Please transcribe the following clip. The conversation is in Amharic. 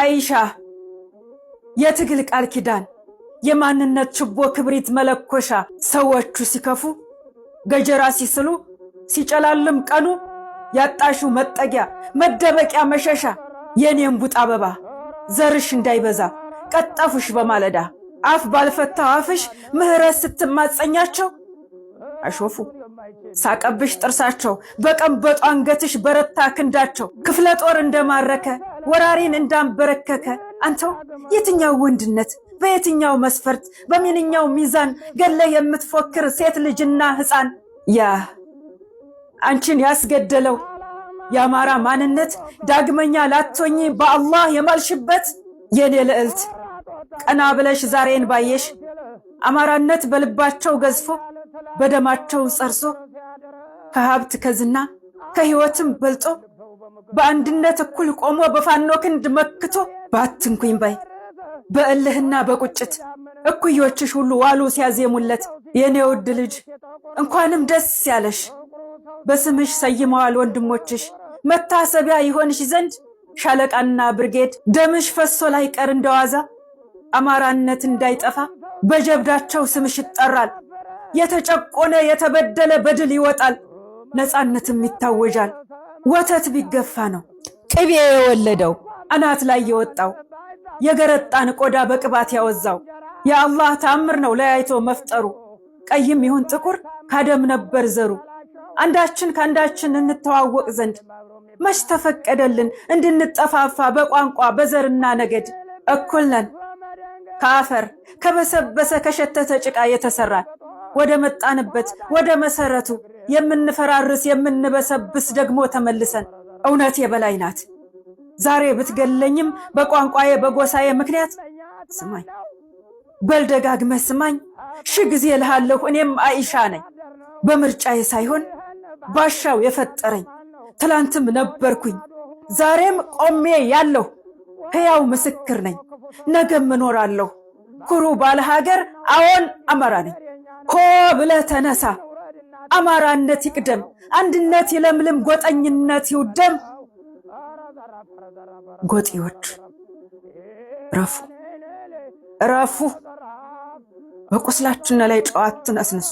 አይሻ የትግል ቃል ኪዳን የማንነት ችቦ ክብሪት መለኮሻ ሰዎቹ ሲከፉ ገጀራ ሲስሉ ሲጨላልም ቀኑ ያጣሽው መጠጊያ መደበቂያ መሸሻ የኔም ቡጥ አበባ ዘርሽ እንዳይበዛ ቀጠፉሽ በማለዳ አፍ ባልፈታ አፍሽ ምህረት ስትማጸኛቸው አሾፉ። ሳቀብሽ ጥርሳቸው በቀንበጡ አንገትሽ በረታ ክንዳቸው ክፍለ ጦር እንደማረከ ወራሪን እንዳንበረከከ አንተው የትኛው ወንድነት በየትኛው መስፈርት በምንኛው ሚዛን ገለህ የምትፎክር ሴት ልጅና ሕፃን ያ አንቺን ያስገደለው የአማራ ማንነት ዳግመኛ ላቶኝ በአላህ የማልሽበት የኔ ልዕልት ቀና ብለሽ ዛሬን ባየሽ አማራነት በልባቸው ገዝፎ በደማቸው ጸርሶ ከሀብት ከዝና ከህይወትም በልጦ በአንድነት እኩል ቆሞ በፋኖ ክንድ መክቶ ባትንኩኝ ባይ በእልህና በቁጭት እኩዮችሽ ሁሉ ዋሉ ሲያዜሙለት የእኔ ውድ ልጅ እንኳንም ደስ ያለሽ በስምሽ ሰይመዋል ወንድሞችሽ መታሰቢያ ይሆንሽ ዘንድ ሻለቃና ብርጌድ ደምሽ ፈሶ ላይ ቀር እንደዋዛ አማራነት እንዳይጠፋ በጀብዳቸው ስምሽ ይጠራል። የተጨቆነ የተበደለ በድል ይወጣል፣ ነፃነትም ይታወጃል። ወተት ቢገፋ ነው ቅቤ የወለደው አናት ላይ የወጣው የገረጣን ቆዳ በቅባት ያወዛው የአላህ ታምር ነው ለያይቶ መፍጠሩ። ቀይም ይሁን ጥቁር ካደም ነበር ዘሩ አንዳችን ከአንዳችን እንተዋወቅ ዘንድ መች ተፈቀደልን እንድንጠፋፋ በቋንቋ በዘርና ነገድ እኩል ነን ከአፈር ከበሰበሰ ከሸተተ ጭቃ የተሰራን ወደ መጣንበት ወደ መሰረቱ የምንፈራርስ የምንበሰብስ ደግሞ ተመልሰን እውነት የበላይ ናት። ዛሬ ብትገለኝም በቋንቋዬ በጎሳዬ ምክንያት ስማኝ፣ በልደጋግመህ ስማኝ። ሺ ጊዜ እልሃለሁ እኔም አይሻ ነኝ። በምርጫዬ ሳይሆን ባሻው የፈጠረኝ ትላንትም ነበርኩኝ፣ ዛሬም ቆሜ ያለሁ ሕያው ምስክር ነኝ፣ ነገም እኖራለሁ። ኩሩ ባለ ሀገር፣ አዎን አማራ ነኝ። ኮ ብለ ተነሳ። አማራነት ይቅደም፣ አንድነት ይለምልም፣ ጎጠኝነት ይውደም። ይወድ። ረፉ ረፉ፣ በቁስላችን ላይ ጨዋትን አስነሱ።